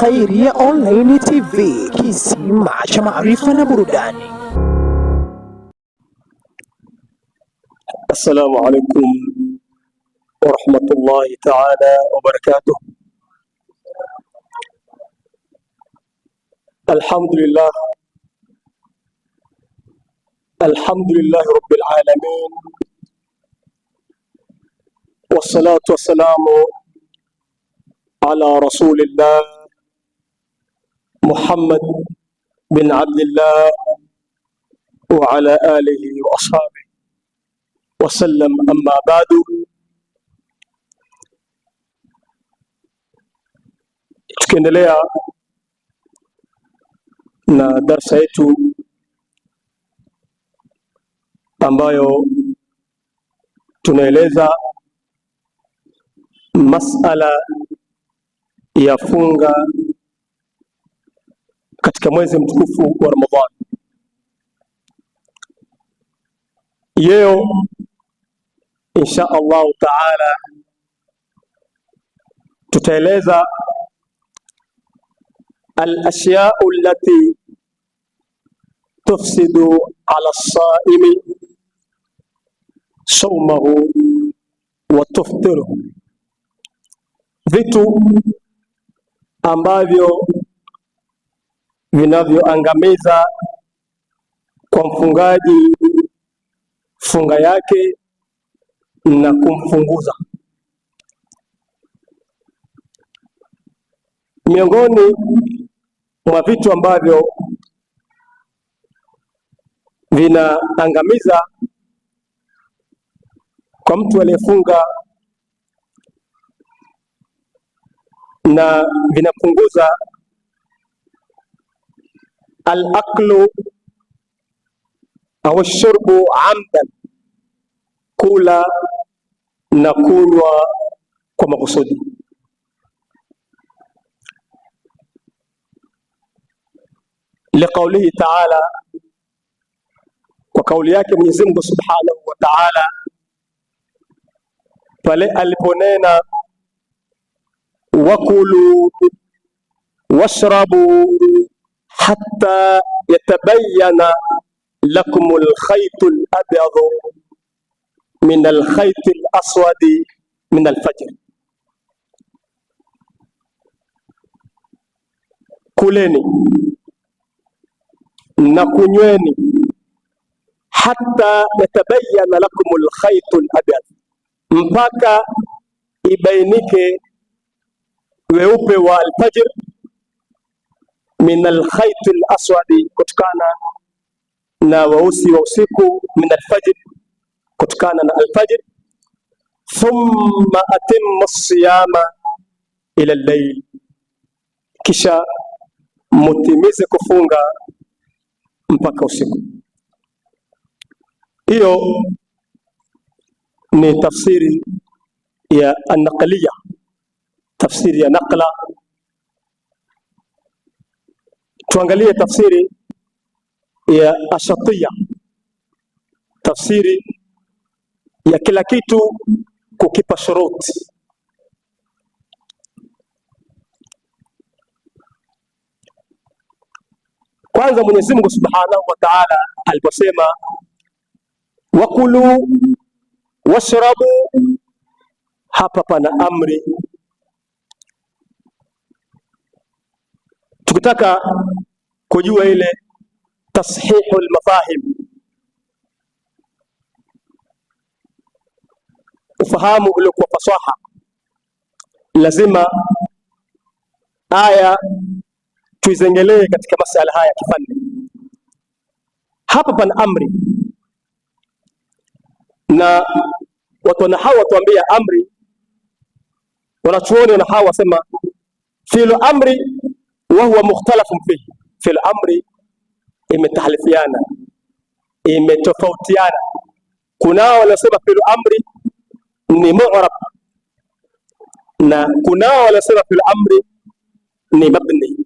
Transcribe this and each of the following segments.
Khairia Online TV, kisima cha maarifa na burudani. Assalamu alaikum warahmatullahi taala wabarakatuh. Alhamdulillah, alhamdulillahi rabbil alamin, wassalatu wassalamu ala rasulillah Muhammad bin Abdillah wa ala alihi wa ashabihi wa sallam, amma ba'du. Tukiendelea na darsa yetu ambayo tunaeleza masala ya funga katika mwezi mtukufu wa Ramadhani. Leo insha Allahu taala tutaeleza alashyau allati tufsidu ala saimi saumahu wa tuftiruhu, vitu ambavyo vinavyoangamiza kwa mfungaji funga yake na kumfunguza. Miongoni mwa vitu ambavyo vinaangamiza kwa mtu aliyefunga na vinapunguza الاكل او الشرب عمدا كولا نقول ومقصودي لقوله تعالى وكوليك من زمه سبحانه وتعالى فلا البنين وكلوا واشربوا hatta yatabayana lakum alkhaytu alabyadu min alkhayti alaswadi min alfajri, kuleni na kunyweni hatta yatabayana lakum alkhaytu alabyad, mpaka ibainike weupe wa alfajr min alkhaiti alaswadi, kutokana na weusi wa usiku, min alfajr, kutokana na alfajr, thumma atimmu siyama ila llail, kisha mutimize kufunga mpaka usiku. Hiyo ni tafsiri ya anaqliya, tafsiri ya naqla Tuangalie tafsiri ya ashatiya, tafsiri ya kila kitu kukipa shuruti. Kwanza Mwenyezi Mungu Subhanahu wa Ta'ala aliposema wakulu washrabu, hapa pana amri Tukitaka kujua ile tashihu lmafahim, ufahamu uliokuwa fasaha, lazima aya tuizengelee katika masala haya kifani. Hapa pana amri na watu wanahawa watuambia amri, wanachuoni wanahawa wasema filo amri wa huwa mukhtalafun fi fil amri, imetahlifiana imetofautiana. Kunao waliosema fil amri ni mu'rab na kunao waliosema fil amri ni mabni,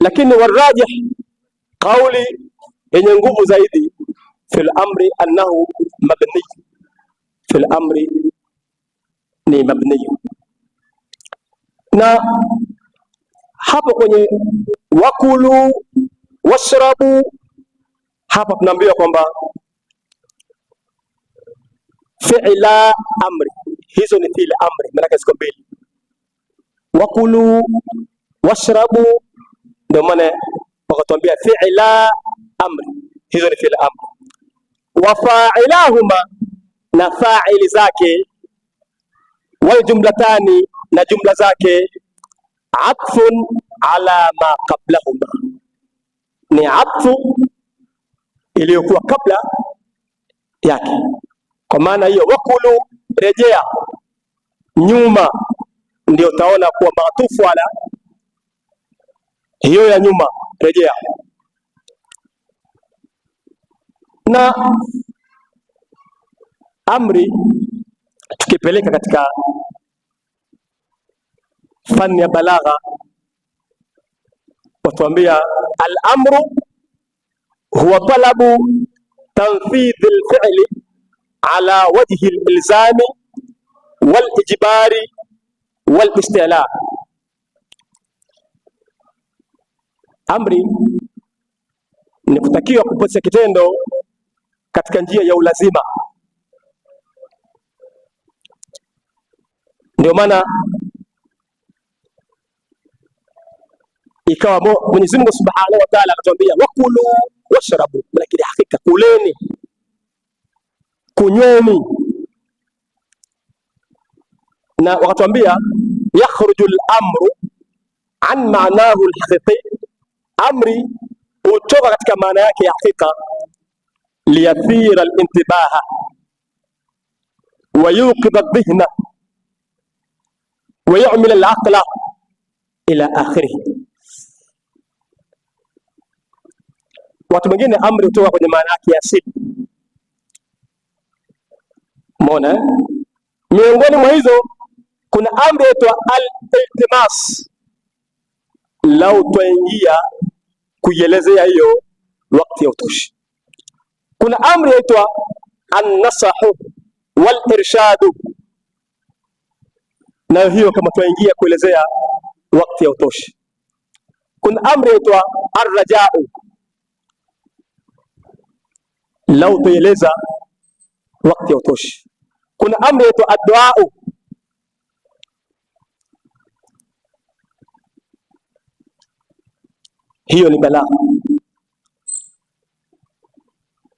lakini warajih, kauli yenye nguvu zaidi fil amri annahu mabni, fil amri ni mabni na hapo kwenye wakulu washrabu, hapa tunaambiwa kwamba fi'la amri hizo ni fi'la amri, maana ziko mbili, wakulu washrabu, ndio maana wakatuambia fi'la amri hizo ni fi'la amri, wa fa'ilahuma na fa'ili zake, wal jumlatani na jumla zake atfun ala ma qablahuma, ni atfu iliyokuwa kabla yake. Kwa maana hiyo, wakulu, rejea nyuma, ndio utaona kuwa maatufu ala hiyo ya nyuma, rejea na amri tukipeleka katika fani ya balagha watuambia, al-amru huwa talabu tanfidhi al-fi'li ala wajhi al-ilzami wal-ijbari wal-istila. Amri ni kutakiwa kupotea kitendo katika njia ya ulazima, ndio maana ikawa Mwenyezi Mungu Subhanahu wa Ta'ala akatuambia wakulu washrabu, lakini hakika kuleni, kunyweni, na wakatuambia yakhruju al-amru an ma'nahu al-haqiqi, amri hutoka katika maana yake ya hakika, liyathira al-intibaha wa yuqidha dhihna wa yu'mila al-aqla ila akhirih watu wengine amri hutoka kwenye maana yake ya asili. Umeona, eh? miongoni mwa hizo kuna amri yaitwa al-iltimas. Lau twaingia kuielezea hiyo, wakati utoshi Kuna amri yaitwa an-nasahu wal-irshadu, nayo hiyo kama twaingia kuelezea, wakati utoshi Kuna amri yaitwa ar-rajau lau tueleza wakati hautoshi. Kuna amri yetu adduau, hiyo ni balaa.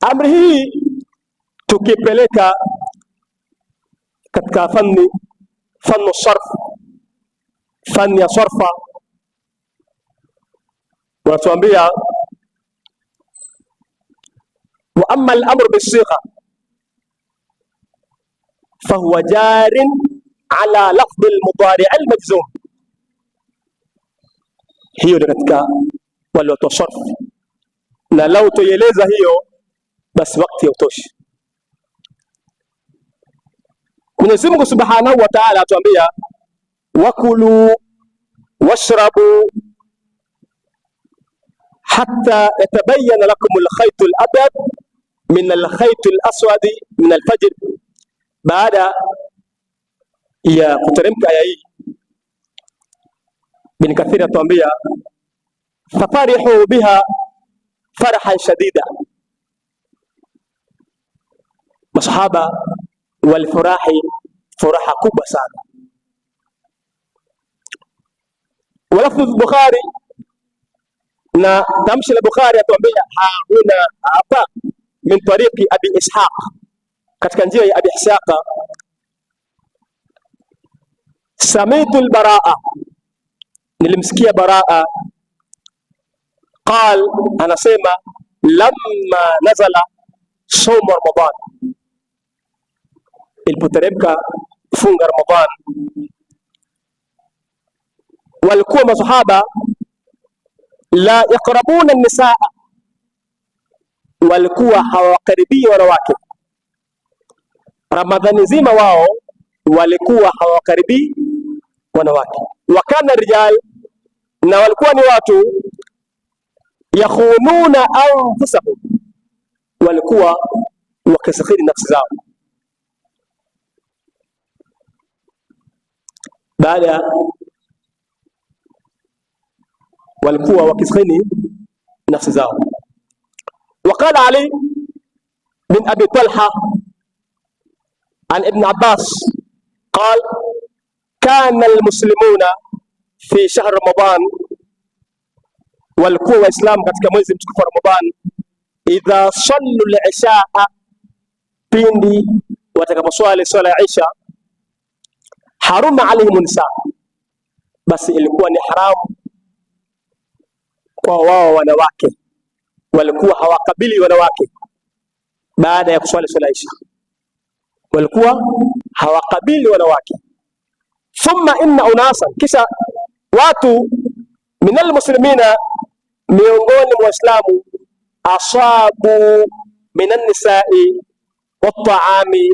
Amri hii tukipeleka katika fanni fannu sarf, fanni ya sarfa, wanatuambia واما الامر بالصيغه فهو جار على لفظ المضارع المجزوم هي لغتك ولوتو صرف لا لو تيليزا هي بس وقت يوتوش من اسمك سبحانه وتعالى تنبيا وكلوا واشربوا حتى يتبين لكم الخيط الابيض من الخيط الأسود من الفجر بعد يا كترمك أي من كثير التنبيه ففرحوا بها فرحا شديدا مصحابة والفراح فرحا كبة ولفظ بخاري na tamshi la Bukhari هنا hauna min tariqi abi Ishaq, katika njia ya abi Ishaqa. Samitu al-Baraa, nilimsikia Baraa qal, anasema lamma nazala saumu Ramadhan, ilipoteremka funga Ramadhan, walikuwa masahaba la yaqrabuna nisaa walikuwa hawawakaribii wanawake Ramadhani zima, wao walikuwa hawawakaribii wanawake. Wakana rijal, na walikuwa ni watu yakhununa anfusahum, walikuwa wakisihiri nafsi zao. Baada walikuwa wakisihiri nafsi zao وقال علي بن ابي طلحه عن ابن عباس قال كان المسلمون في شهر رمضان والقوة الاسلام katika mwezi mtukufu wa رمضان اذا صلوا العشاء pindi watakaposwali swala ya isha حرم عليهم النساء بس ilikuwa ni haramu kwa wao wanawake walikuwa hawakabili wanawake baada ya kuswali swala Isha, walikuwa hawakabili wanawake. Thumma inna unasa, kisha watu min almuslimina, miongoni mwa Waislamu, asabu min annisai wataami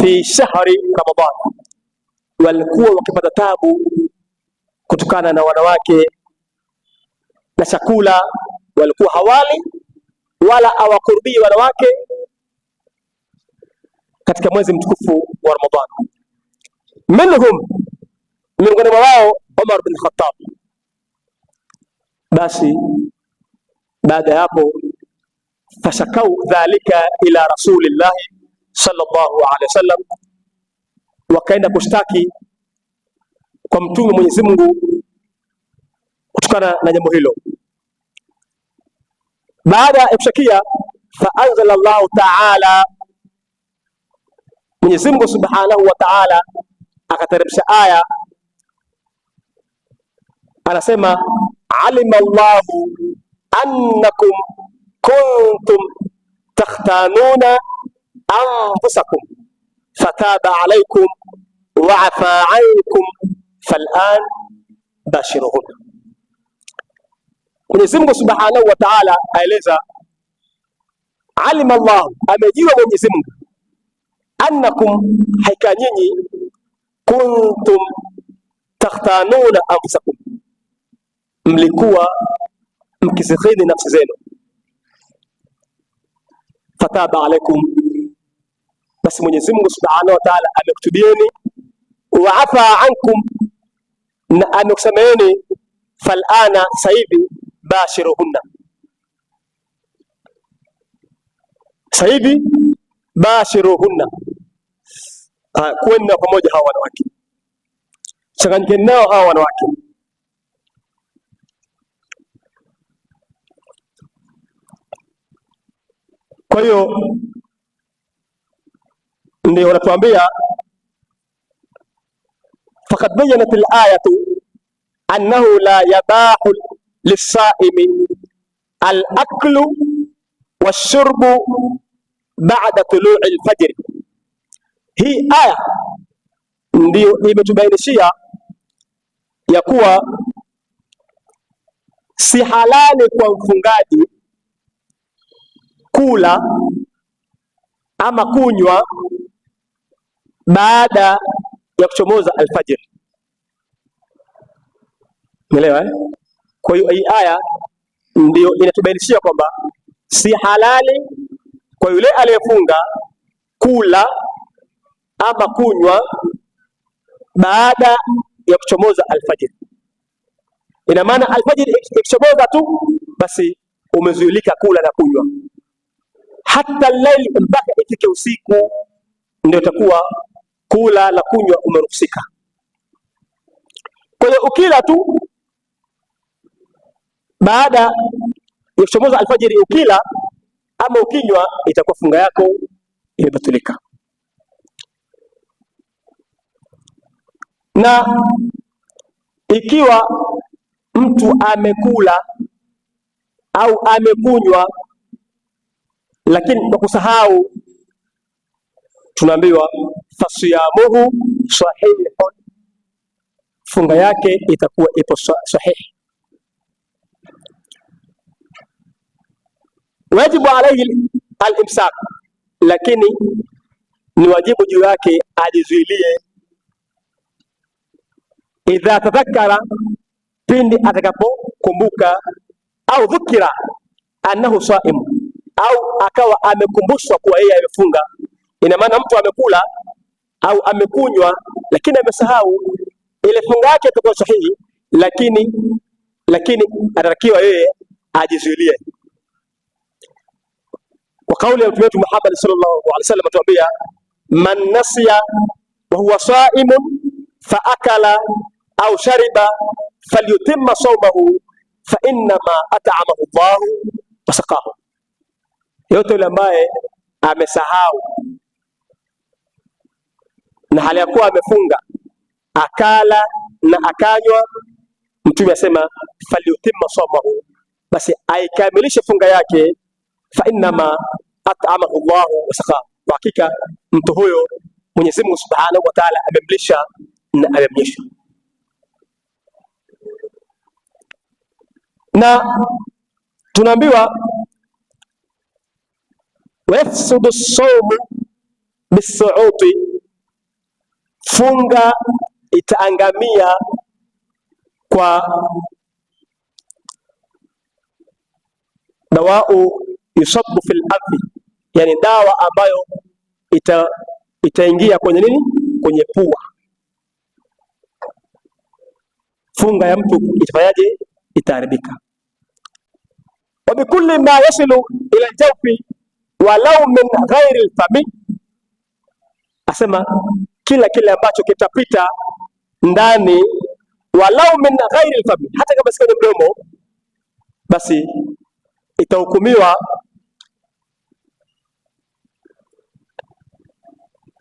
fi shahri Ramadhan, walikuwa wakipata tabu kutokana na wanawake na chakula walikuwa hawali wala hawakurbii wanawake katika mwezi mtukufu wa Ramadhani. Minhum, miongoni mwa wao Umar bin Khattab. Basi baada ya hapo, fashakau dhalika ila rasulillahi sallallahu alaihi wasallam, wakaenda kushtaki kwa mtume Mwenyezi Mungu kutokana na jambo hilo. Baada ya shakia faanzal Allahu taala, Mwenyezi Mungu subhanahu wa taala akateremsha aya, anasema alima Allahu annakum kuntum takhtanuna anfusakum fataba alaykum wa afa ankum fal'an bashiruhunna Mwenyezi Mungu Subhanahu wa Ta'ala aeleza, alima Allah, amejua Mwenyezi Mungu annakum, hakika nyinyi, kuntum takhtanuna anfusakum, mlikuwa mkizikhini nafsi zenu, fataba alaikum, basi Mwenyezi Mungu Subhanahu wa Ta'ala amekutubieni, wa afa ankum, na amekusameheni, falana, sasa bashiruhunna. Sasa hivi bashiruhunna, kuweni nao pamoja hawa wanawake, changanyikeni nao hawa wanawake. Kwa hiyo ndio wanatuambia fakad bayanat al annahu la yabahu lisaimi alaklu washurbu baada tuluu lfajri Hii aya ndiyo imetubainishia ya kuwa si halali kwa mfungaji kula ama kunywa baada ya kuchomoza alfajiri. Umeelewa eh? Kwa hiyo hii aya ndio inatubainishia kwamba si halali kwa yule aliyefunga kula ama kunywa baada ya kuchomoza alfajiri. Ina maana alfajiri ikichomoza tu basi umezuilika kula na kunywa hata laili, mpaka ifike usiku ndio itakuwa kula na kunywa umeruhusika. Kwa hiyo ukila tu baada ya kuchomoza alfajiri ukila ama ukinywa, itakuwa funga yako imebatilika. Na ikiwa mtu amekula au amekunywa lakini kwa kusahau, tunaambiwa fasiyamuhu sahihun, funga yake itakuwa ipo sahihi wajibu alaihi alimsak, lakini ni wajibu juu yake ajizuilie. Idha tadhakkara, pindi atakapokumbuka, au dhukira annahu saim, au akawa amekumbushwa kuwa yeye amefunga. Ina maana mtu amekula au amekunywa, lakini amesahau ile funga yake itakuwa sahihi, lakini lakini atatakiwa yeye ajizuilie. Kwa kauli ya mtume wetu Muhammad sallallahu alaihi wasallam atuambia, man nasiya wa huwa saimun fa akala au shariba falyutimma saumahu fa innama at'amahu Allahu saqahu, yote yule ambaye amesahau na hali ya kuwa amefunga akala na akanywa, mtume asema falyutimma saumahu, basi aikamilishe funga yake fa innama at'amahu Allahu wasaqa, kwa hakika mtu huyo Mwenyezi Mungu Subhanahu wa Ta'ala amemlisha na amemnyesha. Na tunaambiwa wayafsudu saumu bisuuti, funga itaangamia kwa dawau yusabu fil ardhi, yani dawa ambayo ita, itaingia kwenye nini, kwenye pua. Funga ya mtu itafanyaje? Itaharibika. wa bikulli ma yasilu ila jawfi walau min ghairi lfami, asema kila kile ambacho kitapita ndani, walau min ghairi lfami, hata kama si mdomo, basi itahukumiwa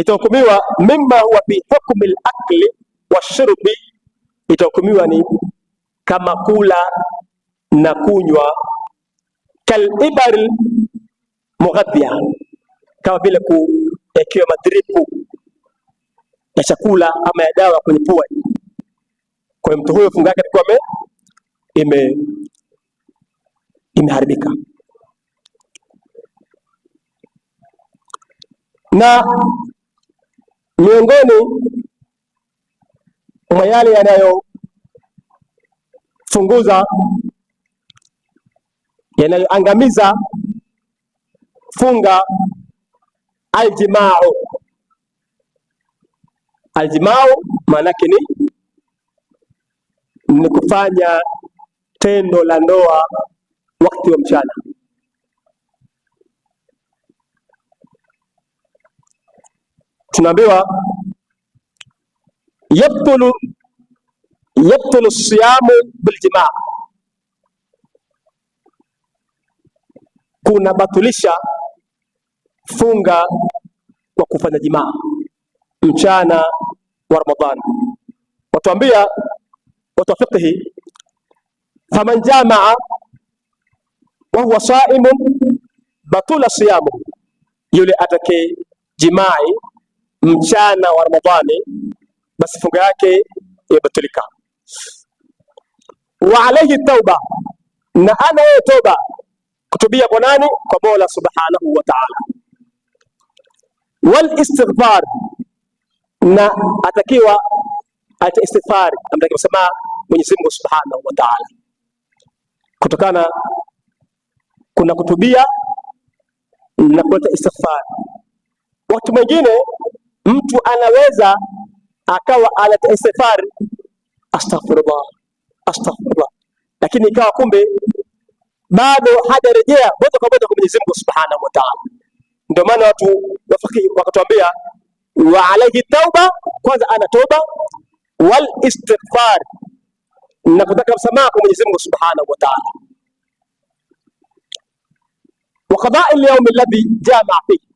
itahukumiwa mimma huwa bihukmi lakli washurbi, itahukumiwa ni kama kula na kunywa, kalibari mughadhia, kama vile kuwekewa madripu ya chakula ama ya dawa kwenye pua. Kwa hiyo mtu huyo funga yake ilikuwa ime imeharibika. Na miongoni mwa yale yanayofunguza yanayoangamiza funga aljimau, aljimau maanake ni ni kufanya tendo la ndoa wakati wa mchana. Tunaambiwa yabtulu yabtulu siyamu biljimaa, kuna batulisha funga kwa kufanya jimaa mchana wa Ramadhani. Watuambia watu wa fiqhi, faman jamaa wa huwa saimun batula siyamu, yule atake jimai mchana wa Ramadhani, basi funga yake imebatulika. Wa alayhi tauba, na ana yeye toba, kutubia kwa nani? Kwa Mola subhanahu wa ta'ala. Wal istighfar, na atakiwa ata istighfari, amtakiwa sema Mwenyezi Mungu subhanahu wa ta'ala kutokana kuna kutubia na kuleta istighfar. Wakati mwingine mtu anaweza akawa ana istighfar, astaghfirullah, astaghfirullah, lakini ikawa kumbe bado hajarejea moja kwa moja kwa Mwenyezi Mungu Subhanahu wa Ta'ala. Ndio maana watu wafikihi wakatuambia wa alayhi tauba, kwanza ana toba wal istighfar na kutaka msamaha kwa Mwenyezi Mungu Subhanahu wa Ta'ala wa qadai lyaumi alladhi jamaa fihi,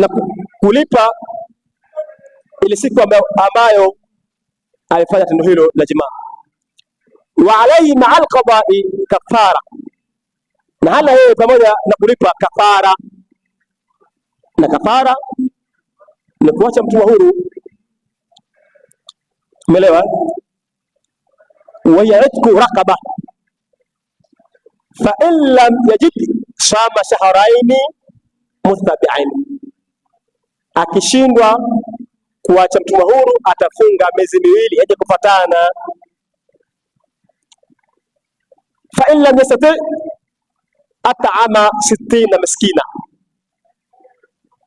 na kulipa ile siku ambayo alifanya tendo hilo la jimaa. Wa alayhi maa alqadai kafara, na hala yeye pamoja na kulipa kafara. Na kafara ni kuacha mtu huru, umeelewa? Wa yatku raqaba fa in lam yajid sama shaharaini mutatabiaini, akishindwa kuacha mtumwa huru atafunga miezi miwili aje kufatana. Fa in lam yastati at'ama sittina miskina,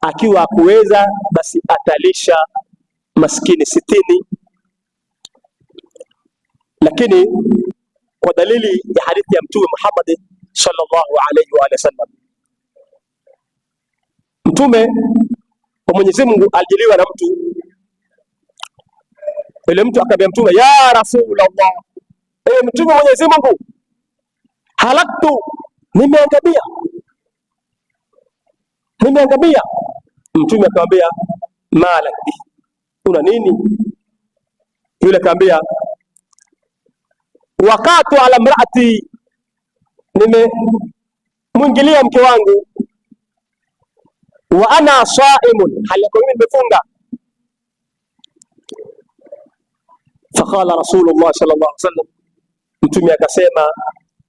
akiwa akuweza basi atalisha maskini sitini. Lakini kwa dalili ya hadithi ya Mtume Muhammad sallallahu alayhi wa sallam. Mtume wa Mwenyezi Mungu alijiliwa na mtu ile, mtu akamwambia Mtume, ya Rasulullah, e Mtume wa Mwenyezi Mungu, halaktu, nimeangamia, nimeangamia. Mtume akamwambia malak, una nini? Yule akamwambia wakatu ala mraati nimemwingilia mke wangu, wa ana saimun, hali yako mimi nimefunga. Faqala Rasulullah sallallahu alaihi wasallam, Mtume akasema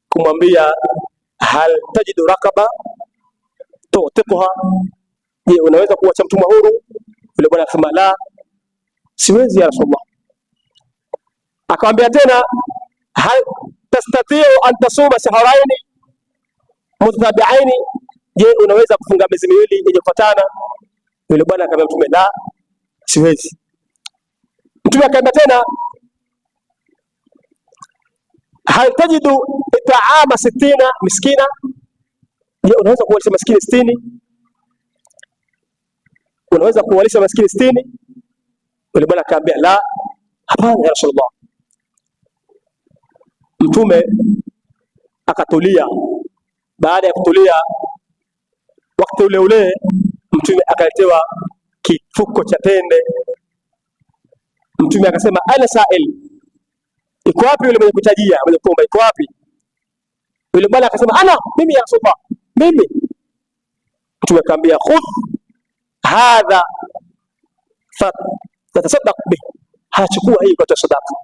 kumwambia, hal tajidu raqaba tutikuha, je, unaweza kuwacha mtumwa huru? Yule bwana akasema la, siwezi ya Rasulullah. Akamwambia tena hal tastatiu an tasuma saharaini mutatabiaini, je, unaweza kufunga miezi miwili yenye kufatana? Yule bwana akamwambia Mtume, la, siwezi. Mtume akaenda tena, hal tajidu itaama sitina miskina, je, unaweza kuwalisha maskini sitini? Unaweza kuwalisha maskini sitini? Yule bwana akaambia la, hapana ya Rasulullah Mtume akatulia. Baada ya kutulia, wakati ule ule mtume akaletewa kifuko cha tende Mtume akasema, ana sail, iko wapi yule mwenye kutajia, mwenye kuomba, iko wapi yule bwana? Akasema, ana mimi, ya Rasulullah, mimi. Mtume akamwambia, khudh hadha fatasaddaq bih, hachukua hii kwa sadaka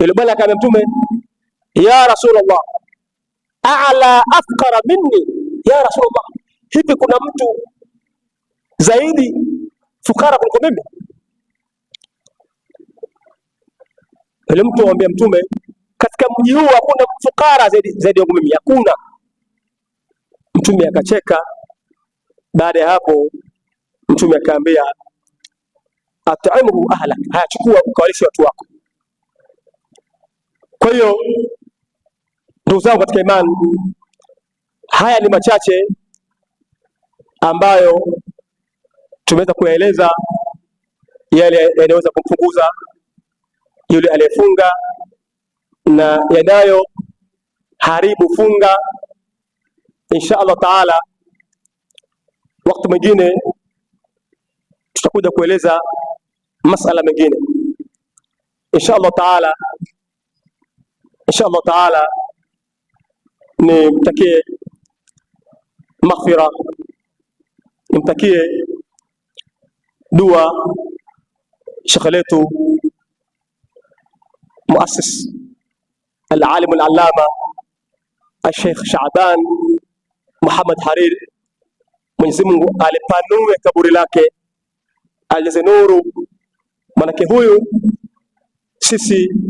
yule bwana akamwambia Mtume, ya Rasulullah, a'la afqara minni, ya Rasulullah, hivi kuna mtu zaidi fukara kuliko mimi? Yule mtu amwambia Mtume, katika mji huu hakuna fukara zaidi zaidi yangu mimi, hakuna. Mtume akacheka. Baada ya hapo, Mtume akaambia ataimuhu ahlak, hayachukua ukawalisha watu wako kwa hiyo ndugu zangu katika imani, haya ni machache ambayo tumeweza kuyaeleza yale yanayoweza kumfunguza yule aliyefunga na yanayo haribu funga. Insha Allah taala, wakati mwingine tutakuja kueleza masala mengine insha Allah taala. Insha Allah taala nimtakie maghfira, nimtakie dua shekhe letu muassis al-alim al-allama al-sheikh Shaaban Muhammad Hariri. Mwenyezi Mungu alipanue kaburi lake, alijaze nuru, manake huyu sisi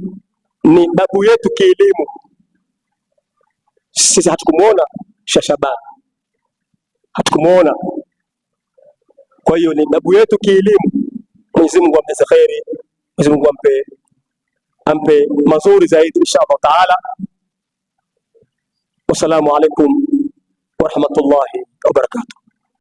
ni babu yetu kielimu. Sisi hatukumuona Sheikh Shaban, hatukumuona. Kwa hiyo ni babu yetu kielimu. Mwenyezi Mungu ampe kheri, Mwenyezi Mungu ampe ampe mazuri zaidi insha Allah taala. Wassalamu alaikum warahmatullahi wabarakatuh.